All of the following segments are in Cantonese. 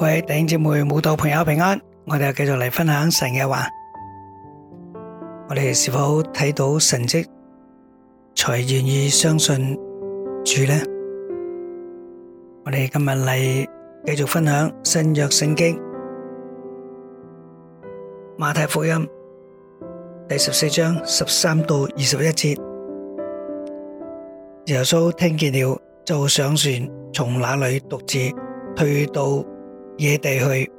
各位，弟兄姊妹、慕道朋友平安，我哋繼續嚟分享神嘅話。我哋是否睇到神蹟，才願意相信主呢？我哋今日嚟繼續分享新約聖經馬太福音第十四章十三到二十一節。耶穌聽見了，就上船，從那裡獨自退到野地去，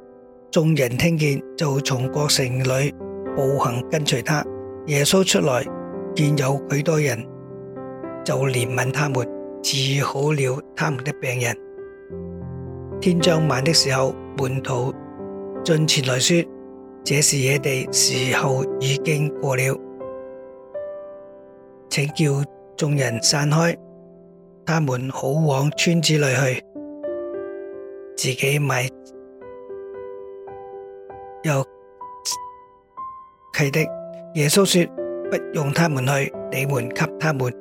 眾人聽見就從各城裏步行跟隨他。耶穌出來見有許多人，就憐憫他們，治好了他們的病人。天將晚的時候，門徒進前來說：這是野地，時候已經過了，請叫眾人散開，他們好往村子裏去，自己買。又奇的，耶穌說，不用他們去，你們給他們。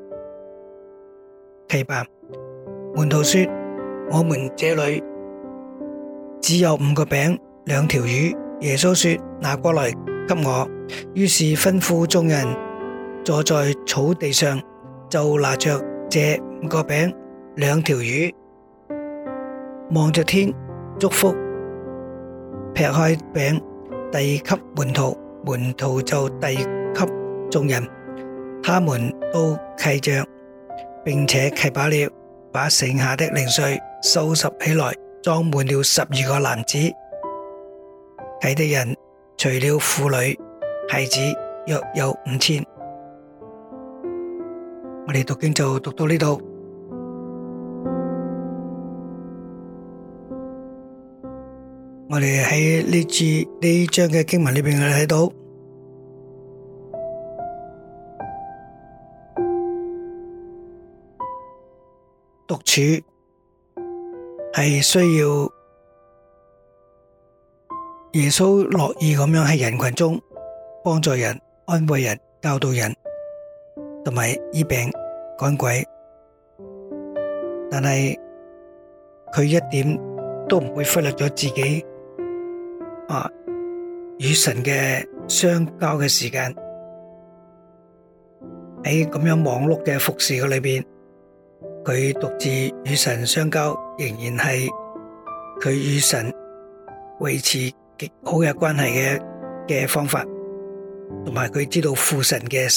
吃吧。門徒說，我們這裏只有五個餅兩條魚。耶穌說，拿過來給我。於是吩咐眾人坐在草地上，就拿着這五個餅兩條魚，望着天祝福，劈開餅。遞給門徒，門徒就遞給眾人，他們都吃着，並且吃飽了，把剩下的零碎收拾起來，裝滿了十二個籃子。吃的人，除了婦女、孩子，約有五千。我哋讀經就讀到呢度。我哋喺呢節呢章嘅經文裏邊，我睇到獨處係需要耶穌樂意咁樣喺人群中幫助人、安慰人、教導人，同埋醫病趕鬼。但係佢一點都唔會忽略咗自己。啊！與神嘅相交嘅時間喺咁樣忙碌嘅服侍嘅裏邊，佢獨自與神相交，仍然係佢與神維持極好嘅關係嘅嘅方法，同埋佢知道父神嘅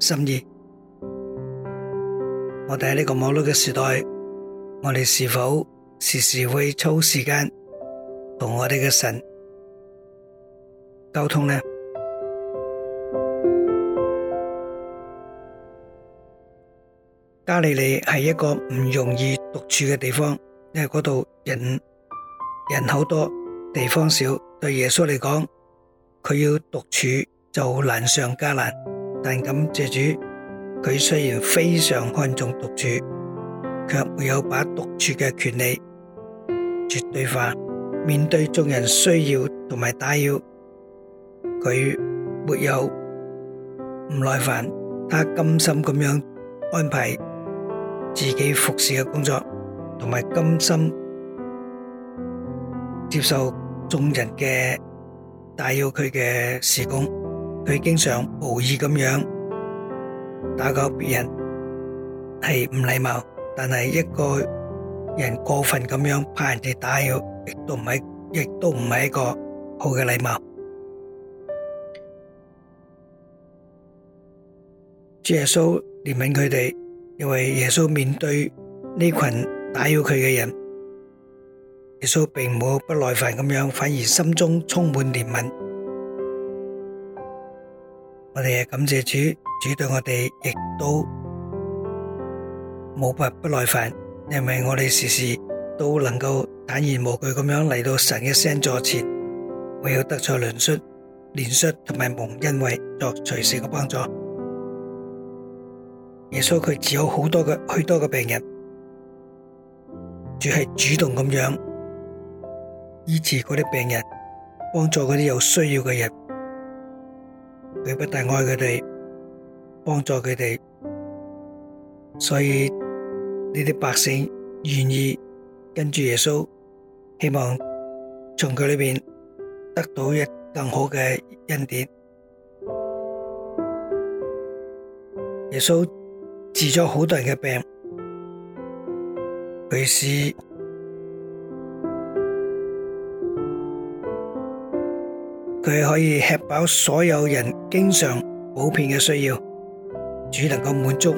心意。我哋喺呢個網絡嘅時代，我哋是否時時會抽時間同我哋嘅神？交通呢，加利利係一個唔容易獨處嘅地方，因為嗰度人人口多，地方少，對耶穌嚟講，佢要獨處就難上加難。但感謝主，佢雖然非常看重獨處，卻沒有把獨處嘅權利絕對化，面對眾人需要同埋打擾。佢沒有唔耐煩，他甘心咁樣安排自己服侍嘅工作，同埋甘心接受眾人嘅打擾佢嘅事工。佢經常無意咁樣打攪別人，係唔禮貌，但係一個人過分咁樣怕人哋打擾，亦都唔係亦都唔係一個好嘅禮貌。主耶穌憐憫佢哋，因為耶穌面對呢群打擾佢嘅人，耶穌並冇不耐煩咁樣，反而心中充滿憐憫。我哋也感謝主，主對我哋亦都冇不不耐煩，因為我哋時時都能夠坦然無懼咁樣嚟到神嘅施恩座前，為要得憐恤、憐恤同埋蒙恩惠作隨時嘅幫助。耶穌佢治好好多嘅，許多嘅病人，仲係主動咁樣醫治嗰啲病人，幫助嗰啲有需要嘅人，佢不但愛佢哋，幫助佢哋，所以呢啲百姓願意跟住耶穌，希望從佢裏面得到一更好嘅恩典。耶穌。治咗好多人嘅病，於是佢可以吃飽所有人經常普遍嘅需要，只能夠滿足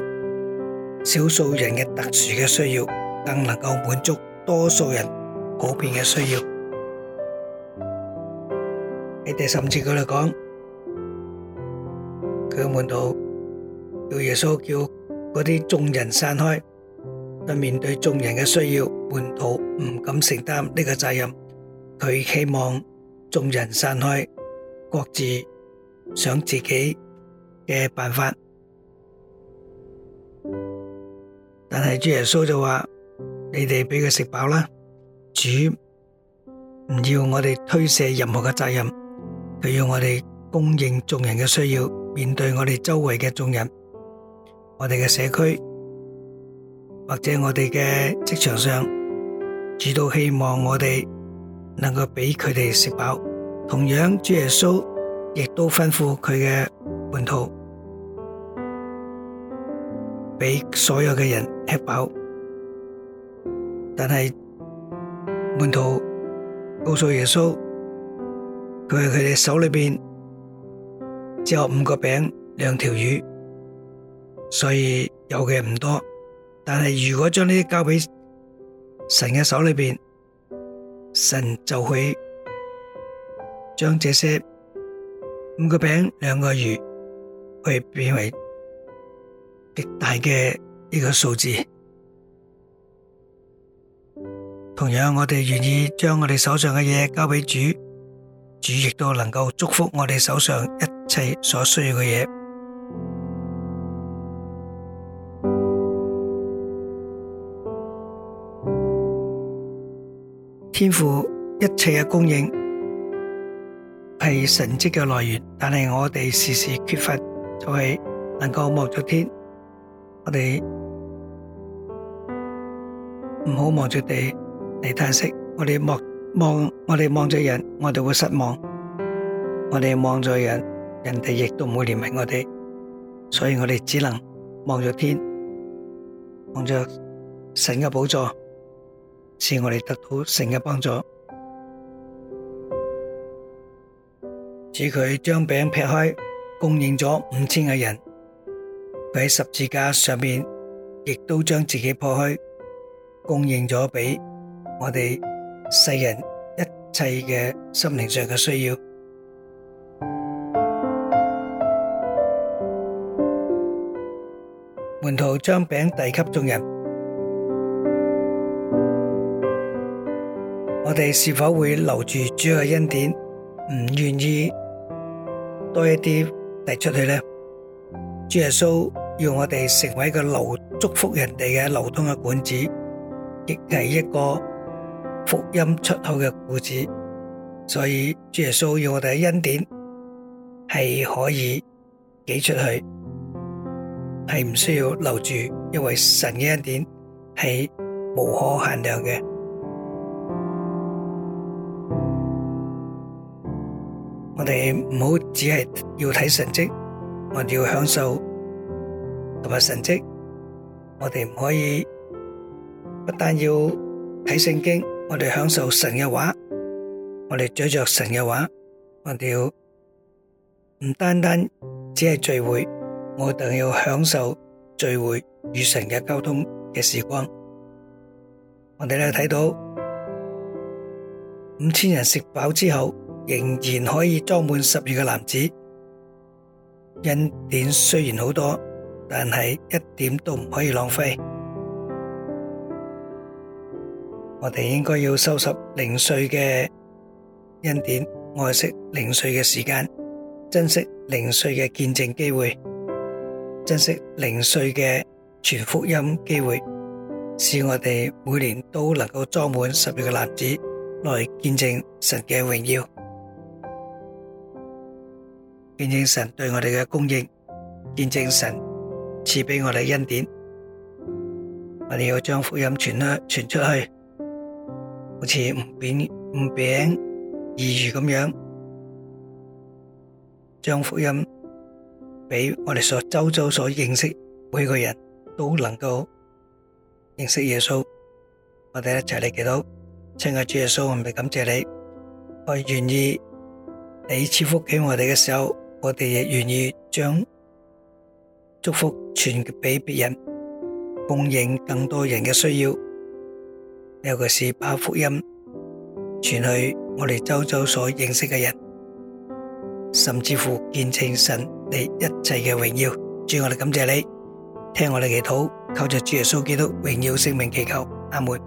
少數人嘅特殊嘅需要，更能夠滿足多數人普遍嘅需要。喺第十節嗰度講，佢嘅門徒叫耶穌叫。嗰啲眾人散開，面對眾人嘅需要，門徒唔敢承擔呢個責任。佢希望眾人散開，各自想自己嘅辦法。但係主耶穌就話：你哋俾佢食飽啦。主唔要我哋推卸任何嘅責任，佢要我哋供應眾人嘅需要，面對我哋周圍嘅眾人。我哋嘅社區，或者我哋嘅職場上，主都希望我哋能夠俾佢哋食飽。同樣，主耶穌亦都吩咐佢嘅門徒俾所有嘅人吃飽。但係門徒告訴耶穌，佢喺佢哋手裏邊只有五個餅、兩條魚。所以有嘅人唔多，但係如果將呢啲交俾神嘅手裏邊，神就會將這些五個餅、兩個魚去變為極大嘅呢個數字。同樣，我哋願意將我哋手上嘅嘢交俾主，主亦都能夠祝福我哋手上一切所需要嘅嘢。天父一切嘅供應係神蹟嘅來源，但係我哋時時缺乏，就係能夠望住天。我哋唔好望住地嚟嘆息，我哋望望住人，我哋會失望。我哋望住人，人哋亦都唔會憐憫我哋，所以我哋只能望住天，望住神嘅寶座。使我哋得到神嘅幫助，使佢將餅劈開，供應咗五千個人；佢喺十字架上面，亦都將自己破開，供應咗俾我哋世人一切嘅心靈上嘅需要。門徒將餅遞給眾人。我哋是否會留住主嘅恩典，唔願意多一啲遞出去呢？主耶穌要我哋成為一個流祝福人哋嘅流通嘅管子，亦係一個福音出口嘅故事。所以主耶穌要我哋嘅恩典係可以寄出去，係唔需要留住，因為神嘅恩典係無可限量嘅。我哋唔好只係要睇神蹟，我哋要享受同埋神蹟。我哋唔可以不單要睇聖經，我哋享受神嘅話，我哋咀嚼神嘅話。我哋要唔單單只係聚會，我哋要享受聚會與神嘅溝通嘅時光。我哋咧睇到五千人食飽之後。仍然可以裝滿十二個籃子，恩典雖然好多，但係一點都唔可以浪費。我哋應該要收拾零碎嘅恩典，愛惜零碎嘅時間，珍惜零碎嘅見證機會，珍惜零碎嘅傳福音機會，使我哋每年都能夠裝滿十二個籃子，來見證神嘅榮耀。見證神對我哋嘅供應，見證神賜俾我哋恩典，我哋要將福音傳開、傳出去，好似五餅五餅二魚咁樣，將福音俾我哋所周周所認識每個人都能夠認識耶穌。我哋一齊嚟祈禱，親愛的主耶穌，我哋感謝你，我願意你賜福俾我哋嘅時候。我哋亦願意將祝福傳俾別人，供應更多人嘅需要。尤其是把福音傳去我哋周遭所認識嘅人，甚至乎見證神你一切嘅榮耀。主，我哋感謝你，聽我哋祈禱，靠着主耶穌基督榮耀聖名祈求。阿門。